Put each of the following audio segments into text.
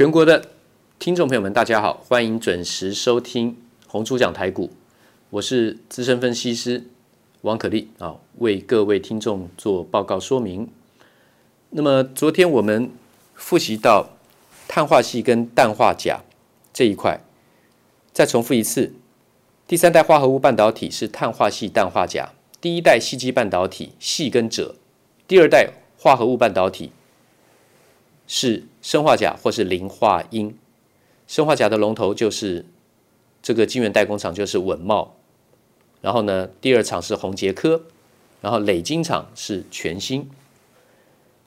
全國的聽眾朋友們，大家好，歡迎準時收聽《紅豬講台股》，我是資深分析師王可立啊，為各位聽眾做報告說明。那麼昨天我們復習到碳化矽跟氮化鎵這一塊，再重複一次，第三代化合物半導體是碳化矽、氮化鎵，第一代矽基半導體矽跟鍺，第二代化合物半導體。是砷化鎵或是磷化銦，砷化鎵的龍頭就是這個晶圓代工廠，就是穩懋。然後呢，第二廠是宏捷科，然後磊晶廠是全新。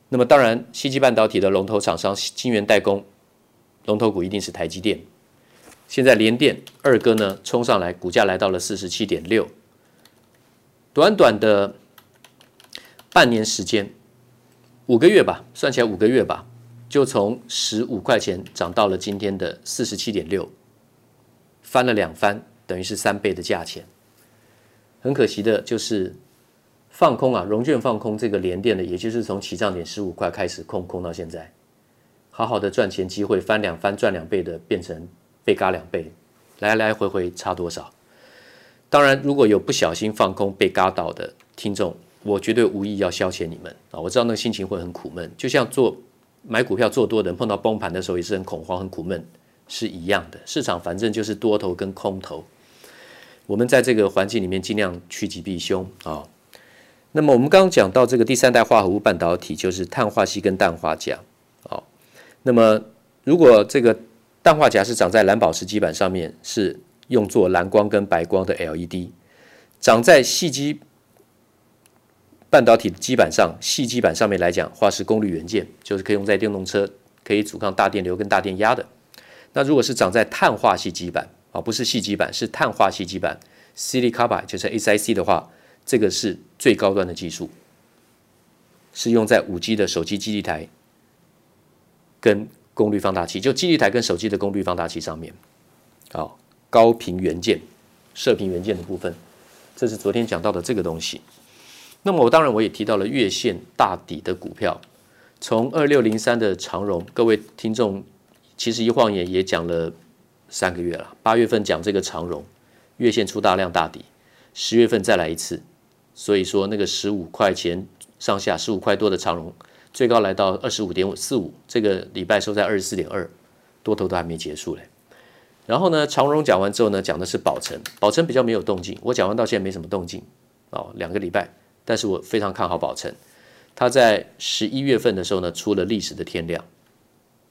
那麼當然，矽基半導體的龍頭廠商晶圓代工龍頭股一定是台積電。現在聯電二哥呢衝上來，股價來到了四十七點六，短短的半年時間，五個月吧，算起來五個月吧。就從十五塊錢漲到了今天的四十七點六，翻了兩番，等於是三倍的價錢。很可惜的就是放空啊，融券放空這個聯電的，也就是從起漲點十五塊開始空空到現在，好好的賺錢機會翻兩番賺兩倍的，變成被嘎兩倍，來來回回差多少？當然，如果有不小心放空被嘎到的聽眾，我絕對無意要消遣你們啊、哦！我知道那心情會很苦悶，就像做。買股票做多的人碰到崩盤的時候也是很恐慌、很苦悶，是一樣的。市場反正就是多頭跟空頭，我們在這個環境裡面盡量趨吉避凶啊、哦。那麼我們剛剛講到這個第三代化合物半導體，就是碳化硅跟氮化鎵。好、哦，那麼如果這個氮化鎵是長在藍寶石基板上面，是用作藍光跟白光的 LED，長在矽基。半導體基板上，矽基板上面來講，話是功率元件，就是可以用在電動車，可以阻抗大電流跟大電壓的。那如果是長在碳化矽基板啊、哦，不是矽基板，是碳化矽基板 silicon carbide 就是 SiC 的話，這個是最高端的技術，是用在五 G 的手機基地台跟功率放大器，就基地台跟手機的功率放大器上面，好、哦，高頻元件、射頻元件的部分，這是昨天講到的這個東西。那麼我當然我也提到了月線大底的股票，從二六零三的長榮，各位聽眾其實一晃眼也講了三個月了。八月份講這個長榮月線出大量大底，十月份再來一次，所以說那個十五塊錢上下，十五塊多的長榮，最高來到二十五點四五，這個禮拜收在二十四點二，多頭都還沒結束嘞。然後呢，長榮講完之後呢，講的是寶成，寶成比較沒有動靜，我講完到現在沒什麼動靜哦，兩個禮拜。但是我非常看好寶成，它在十一月份的時候呢，出了歷史的天量，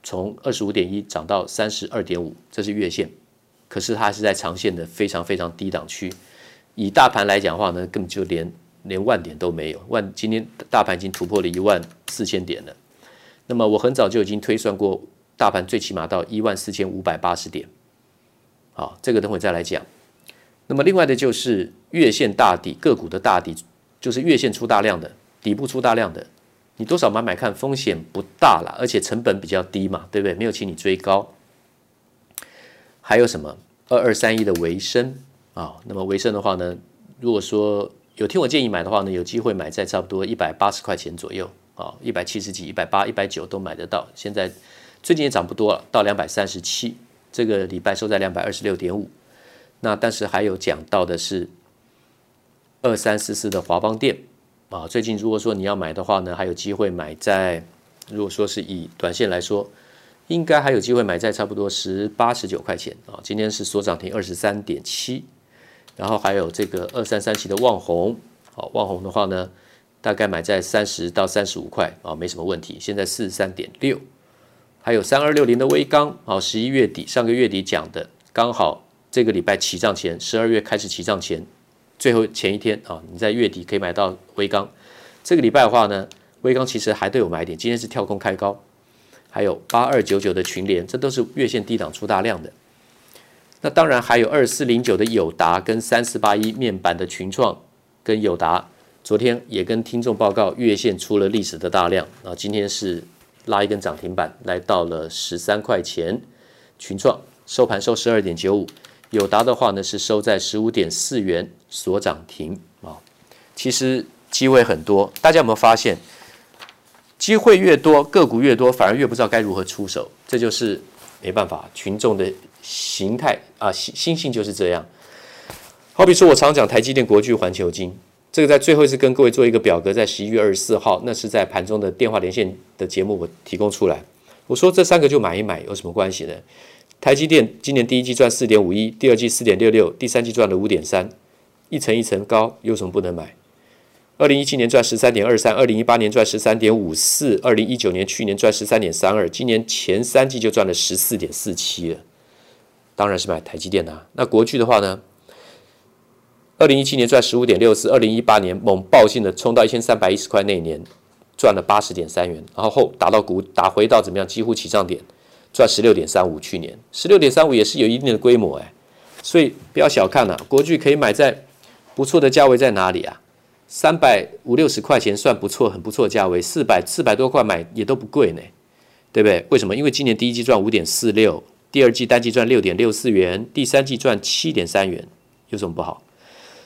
從二十五點一漲到三十二點五，這是月線。可是它是在長線的非常非常低檔區，以大盤來講的話呢，根本就連連萬點都沒有。萬今天大盤已經突破了一萬四千點了。那麼我很早就已經推算過，大盤最起碼到一萬四千五百八十點。好，這個等會再來講。那麼另外的就是月線大底，個股的大底。就是月線出大量的，底部出大量的，你多少買買看，風險不大啦，而且成本比較低嘛，對不對？沒有請你追高。還有什麼二二三一的為升啊？那麼為升的話呢，如果說有聽我建議買的話呢，有機會買在差不多一百八十塊錢左右啊，一百七十幾、一百八、一百九都買得到。現在最近也漲不多了，到兩百三十七，這個禮拜收在兩百二十六點五。那但是還有講到的是。二三四四的華邦電啊，最近如果說你要買的話呢，還有機會買在，如果說是以短線來說，應該還有機會買在差不多十八十九塊錢啊。今天是所漲停二十三點七，然後還有這個二三三七的旺宏，好、啊，旺宏的話呢，大概買在三十到三十五塊啊，沒什麼問題。現在四十三點六，還有三二六零的威剛啊，十一月底上個月底講的，剛好這個禮拜起漲前，十二月開始起漲前。最後前一天啊，你在月底可以買到威剛。這個禮拜的話呢，威剛其實還都有買點。今天是跳空開高，還有八二九九的群聯，這都是月線低檔出大量的。那當然還有二四零九的友達跟三四八一面板的群創跟友達，昨天也跟聽眾報告月線出了歷史的大量。那今天是拉一根漲停板，來到了十三塊錢。群創收盤收十二點九五。友達的話呢是收在十五點四元所，所漲停啊。其實機會很多，大家有沒有發現？機會越多，個股越多，反而越不知道該如何出手。這就是沒辦法，群眾的形態啊，心心性就是這樣。好比說，我常講台積電、國巨、環球晶，這個在最後一次跟各位做一個表格，在十一月二十四號，那是在盤中的電話連線的節目，我提供出來。我說這三個就買一買，有什麼關係呢？台積電今年第一季賺四點五一，第二季四點六六，第三季賺了五點三，一層一層高，有什麼不能買？二零一七年賺十三點二三，二零一八年賺十三點五四，二零一九年去年賺十三點三二，今年前三季就賺了十四點四七了，當然是買台積電啊。那國巨的話呢？二零一七年賺十五點六四，二零一八年猛爆性的衝到一千三百一十塊那一年賺了八十點三元，然後後打到股打回到怎麼樣，幾乎起漲點。賺十六點三五，去年十六點三五也是有一定的規模哎、欸，所以不要小看了、啊、國巨，可以買在不錯的價位在哪裡啊？三百五六十塊錢算不錯，很不錯的價位，四百四百多塊買也都不貴呢、欸，對不對？為什麼？因為今年第一季賺五點四六，第二季單季賺六點六四元，第三季賺七點三元，有什麼不好？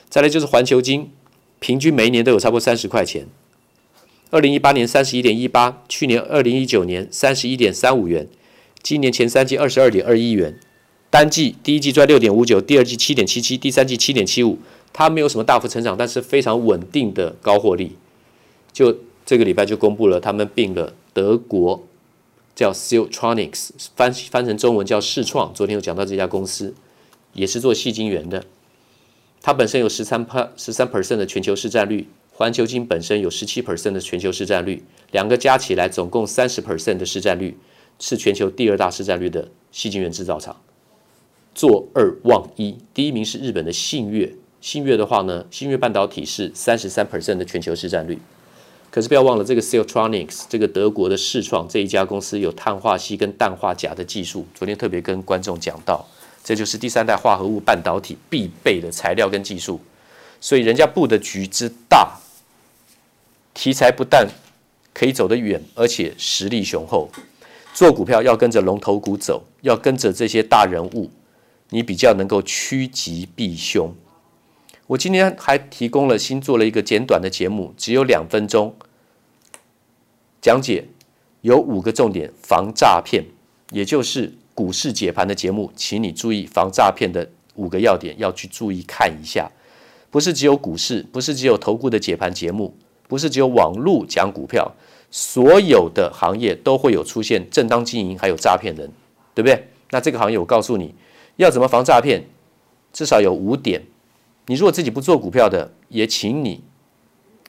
再來就是環球晶，平均每一年都有差不多三十塊錢，二零一八年三十一點一八，去年二零一九年三十一點三五元。今年前三季二十二點二億元，單季第一季賺六點五九，第二季七點七七，第三季七點七五，它沒有什麼大幅成長，但是非常穩定的高獲利。就這個禮拜就公布了，他們併了德國叫 Siltronics，翻翻成中文叫世創。昨天有講到這家公司，也是做矽晶圓的，它本身有十三 per 十三 percent 的全球市占率，環球晶本身有十七 percent 的全球市占率，兩個加起來總共三十 percent 的市占率。是全球第二大市占率的西晉源製造廠，做二望一，第一名是日本的信越。信越的話呢，信越半導體是三十三 percent 的全球市占率。可是不要忘了這個 Siltronic，s 這個德國的市創這一家公司有碳化矽跟氮化鉀的技術。昨天特別跟觀眾講到，這就是第三代化合物半導體必備的材料跟技術。所以人家布的局之大，題材不但可以走得遠，而且實力雄厚。做股票要跟着龍頭股走，要跟着這些大人物，你比較能夠趨吉避凶。我今天還提供了新做了一個簡短的節目，只有兩分鐘，講解有五個重點，防詐騙，也就是股市解盤的節目，請你注意防詐騙的五個要點，要去注意看一下。不是只有股市，不是只有投顧的解盤節目，不是只有網絡講股票。所有的行業都會有出現正當經營，還有詐騙人，對不對？那這個行業我告訴你要怎麼防詐騙，至少有五點。你如果自己不做股票的，也請你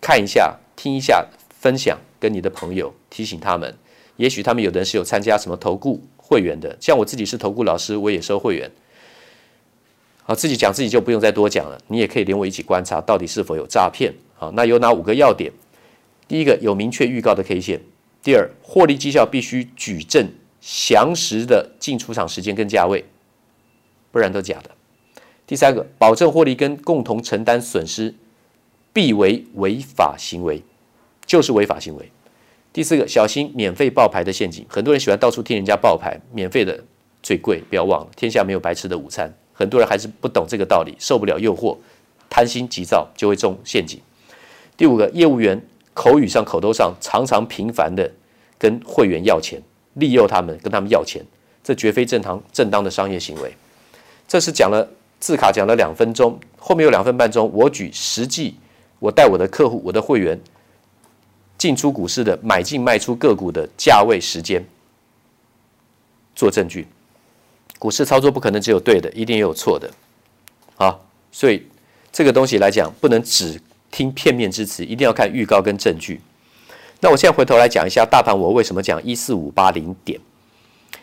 看一下、聽一下分享，跟你的朋友提醒他們。也許他們有的人是有參加什麼投顧會員的，像我自己是投顧老師，我也收會員。好，自己講自己就不用再多講了，你也可以連我一起觀察到底是否有詐騙。好，那有哪五個要點？第一個，有明確預告的 K 線。第二，獲利績效必須舉證詳實的進出場時間跟價位，不然都假的。第三個，保證獲利跟共同承擔損失，必為違法行為，就是違法行為。第四個，小心免費報牌的陷阱，很多人喜歡到處聽人家報牌，免費的最貴，不要忘了，天下沒有白吃的午餐，很多人還是不懂這個道理，受不了誘惑，貪心急躁就會中陷阱。第五個，業務員。口語上，口頭上常常頻繁的跟會員要錢，利誘他們跟他們要錢，這絕非正常正當的商業行為。這是講了字卡，講了兩分鐘，後面有兩分半鐘，我舉實際我帶我的客戶、我的會員進出股市的買進賣出個股的價位、時間做證據。股市操作不可能只有對的，一定也有錯的啊！所以這個東西來講，不能只。聽片面之詞，一定要看預告跟證據。那我現在回頭來講一下大盤，我為什麼講一四五八零點？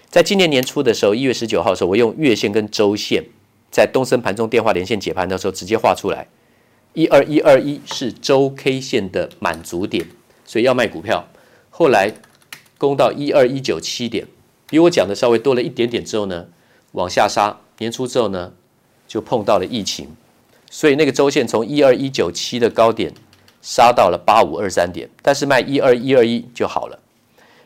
在今年年初的時候，一月十九號的時候，我用月線跟周線，在東森盤中電話連線解盤的時候，直接畫出來，一二一二一是周 K 線的滿足點，所以要賣股票。後來攻到一二一九七點，比我講的稍微多了一點點之後呢，往下殺。年初之後呢，就碰到了疫情。所以那個週線從一二一九七的高點殺到了八五二三點，但是賣一二一二一就好了。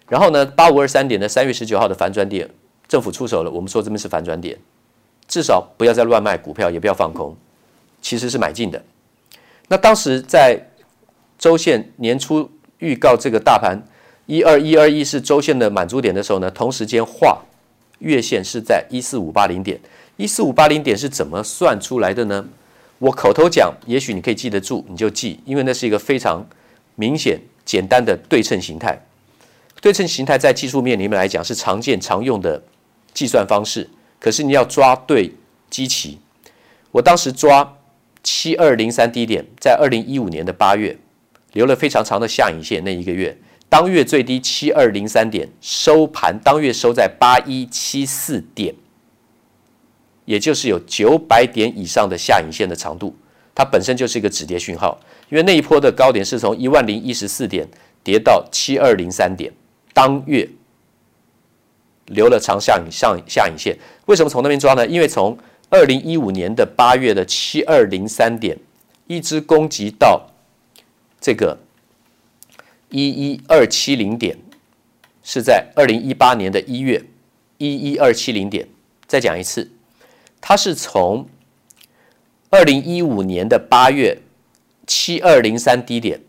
然後呢，八五二三點呢，三月十九號的反轉點，政府出手了。我們說這邊是反轉點，至少不要再亂賣股票，也不要放空，其實是買進的。那當時在週線年初預告這個大盤一二一二一是週線的滿足點的時候呢，同時間畫月線是在一四五八零點，一四五八零點是怎麼算出來的呢？我口頭講，也許你可以記得住，你就記，因為那是一個非常明顯、簡單的對稱形態。對稱形態在技術面裡面來講是常見、常用的計算方式。可是你要抓對基期，我當時抓七二零三低點，在二零一五年的八月，留了非常長的下影線。那一個月，當月最低七二零三點，收盤當月收在八一七四點。也就是有九百點以上的下影線的長度，它本身就是一個止跌訊號。因為那一波的高點是從一萬零一十四點跌到七二零三點，當月留了長下影上下影線。為什麼從那邊抓呢？因為從二零一五年的八月的七二零三點一直攻擊到這個一一二七零點，是在二零一八年的一月一一二七零點。再講一次。它是從二零一五年的八月七二零三低點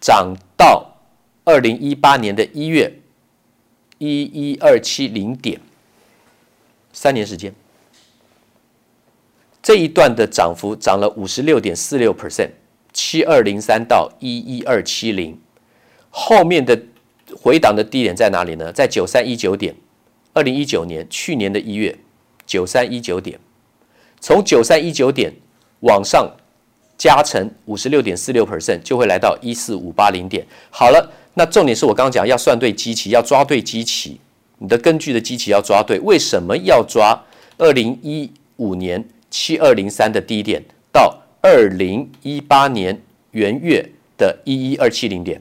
漲到二零一八年的一月一一二七零點，三年時間，這一段的漲幅漲了五十六點四六 percent，七二零三到一一二七零，後面的回檔的低點在哪裡呢？在九三一九點，二零一九年去年的一月。九三一九點，從九三一九點往上加成五十六點四六 percent，就會來到一四五八零點。好了，那重點是我剛剛講要算對基期，要抓對基期，你的根據的基期要抓對。為什麼要抓二零一五年七二零三的低點到二零一八年元月的一一二七零點？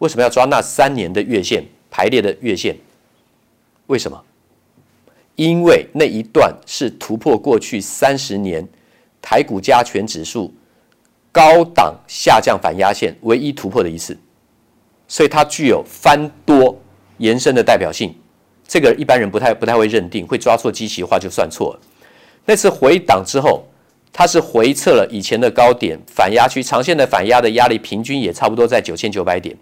為什麼要抓那三年的月線排列的月線？為什麼？因為那一段是突破過去三十年台股加權指數高檔下降反壓線唯一突破的一次，所以它具有翻多延伸的代表性。這個一般人不太不太會認定，會抓錯機器的話就算錯了。那次回檔之後，它是回測了以前的高點反壓區，長線的反壓的壓力平均也差不多在九千九百點。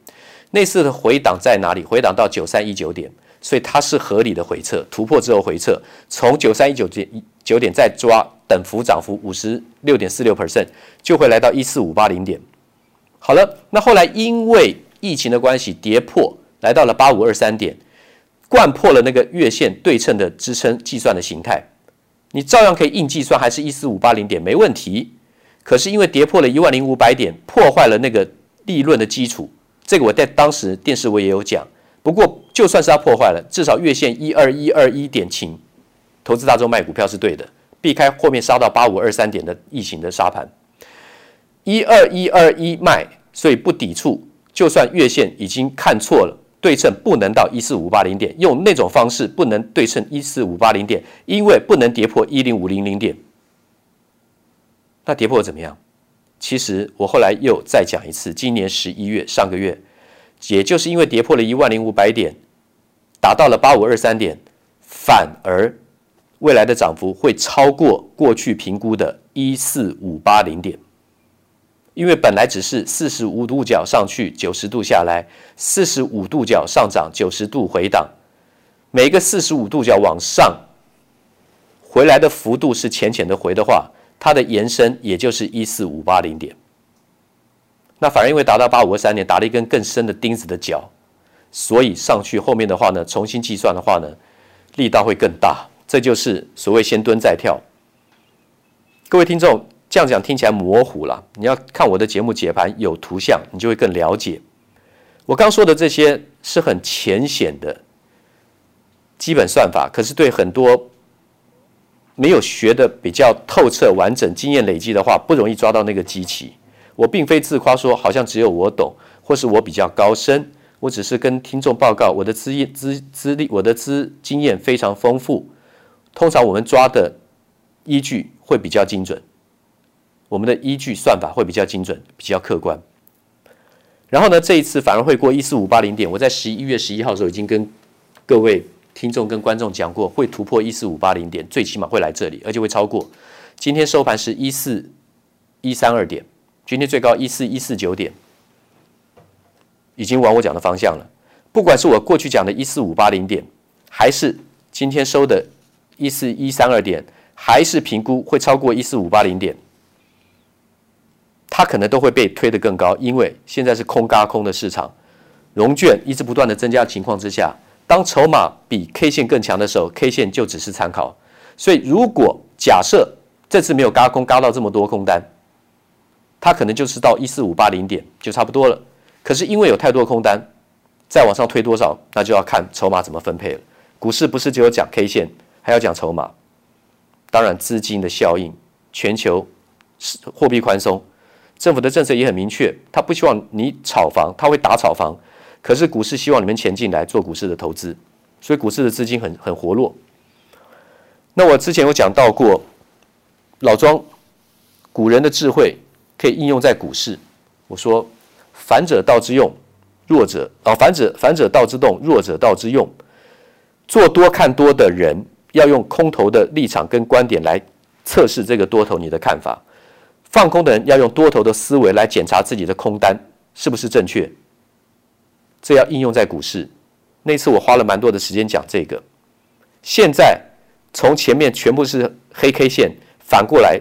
那次的回檔在哪裡？回檔到九三一九點。所以它是合理的回撤，突破之後回撤，從九三一九點九點再抓等幅漲幅五十六點四六 percent，就會來到一四五八零點。好了，那後來因為疫情的關係，跌破來到了八五二三點，摜破了那個月線對稱的支撐計算的形態，你照樣可以硬計算，還是一四五八零點沒問題。可是因為跌破了一萬零五百點，破壞了那個利潤的基礎，這個我在當時電視我也有講，不過。就算是它破壞了，至少月線一二一二一點晴，投資大眾賣股票是對的，避開後面殺到八五二三點的疫情的殺盤，一二一二一賣，所以不抵觸。就算月線已經看錯了，對稱不能到一四五八零點，用那種方式不能對稱一四五八零點，因為不能跌破一零五零零點。那跌破怎麼樣？其實我後來又再講一次，今年十一月上個月。也就是因為跌破了一萬零五百點，達到了八五二三點，反而未來的漲幅會超過過去評估的一四五八零點，因為本來只是四十五度角上去，九十度下來，四十五度角上漲，九十度回檔，每個四十五度角往上回來的幅度是淺淺的回的話，它的延伸也就是一四五八零點。那反而因為達到八五二三點打了一根更深的釘子的腳，所以上去後面的話呢，重新計算的話呢，力道會更大，這就是所謂先蹲再跳。各位聽眾，這樣講聽起來模糊了。你要看我的節目解盤有圖像，你就會更了解。我剛說的這些是很淺顯的基本算法，可是對很多沒有學的比較透徹、完整經驗累積的話，不容易抓到那個機器。我並非自誇，說好像只有我懂，或是我比較高深。我只是跟聽眾報告，我的資資資歷，我的資經驗非常豐富。通常我們抓的依據會比較精準，我們的依據算法會比較精準，比較客觀。然後呢，這一次反而會過一四五八零點。我在十一月十一號的時候已經跟各位聽眾跟觀眾講過，會突破一四五八零點，最起碼會來這裡，而且會超過。今天收盤是一四一三二點。今天最高一四一四九點，已經往我講的方向了。不管是我過去講的一四五八零點，還是今天收的一四一三二點，還是評估會超過一四五八零點，它可能都會被推得更高。因為現在是空嘎空的市場，融券一直不斷的增加的情況之下，當籌碼比 K 線更強的時候，K 線就只是參考。所以如果假設這次沒有嘎空嘎到這麼多空單，他可能就是到一四五八零點就差不多了，可是因為有太多空單，再往上推多少，那就要看籌碼怎麼分配了。股市不是只有講 K 線，還要講籌碼。當然，資金的效應，全球貨幣寬鬆，政府的政策也很明確，他不希望你炒房，他會打炒房。可是股市希望你們錢進來做股市的投資，所以股市的資金很很活絡。那我之前有講到過，老莊古人的智慧。可以應用在股市。我說：“反者道之用，弱者啊，反者，哦，反者道之動，弱者道之用。做多看多的人，要用空頭的立場跟觀點來測試這個多頭你的看法；放空的人，要用多頭的思維來檢查自己的空單是不是正確。這要應用在股市。那次我花了蠻多的時間講這個。現在從前面全部是黑 K 線，反過來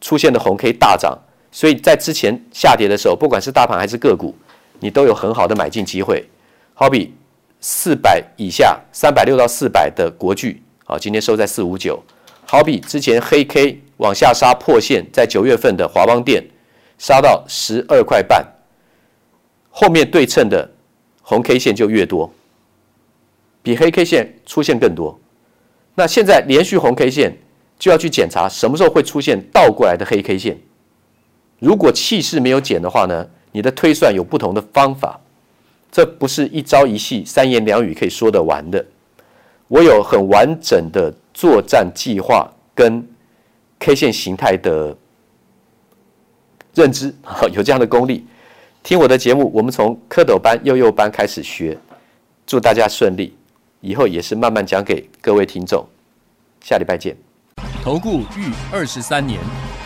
出現的紅 K 大漲。”所以在之前下跌的時候，不管是大盤還是個股，你都有很好的買進機會。好比四百以下，三百六到四百的國巨啊，今天收在四五九。好比之前黑 K 往下殺破線，在九月份的華邦電殺到十二塊半，後面對稱的紅 K 線就越多，比黑 K 線出現更多。那現在連續紅 K 線就要去檢查什麼時候會出現倒過來的黑 K 線。如果氣勢沒有減的話呢？你的推算有不同的方法，這不是一朝一夕，三言兩語可以說得完的。我有很完整的作戰計劃跟 K 線形態的認知，有這樣的功力。聽我的節目，我們從蝌蚪班、幼幼班開始學，祝大家順利。以後也是慢慢講給各位聽眾。下禮拜見。投顧逾二十三年。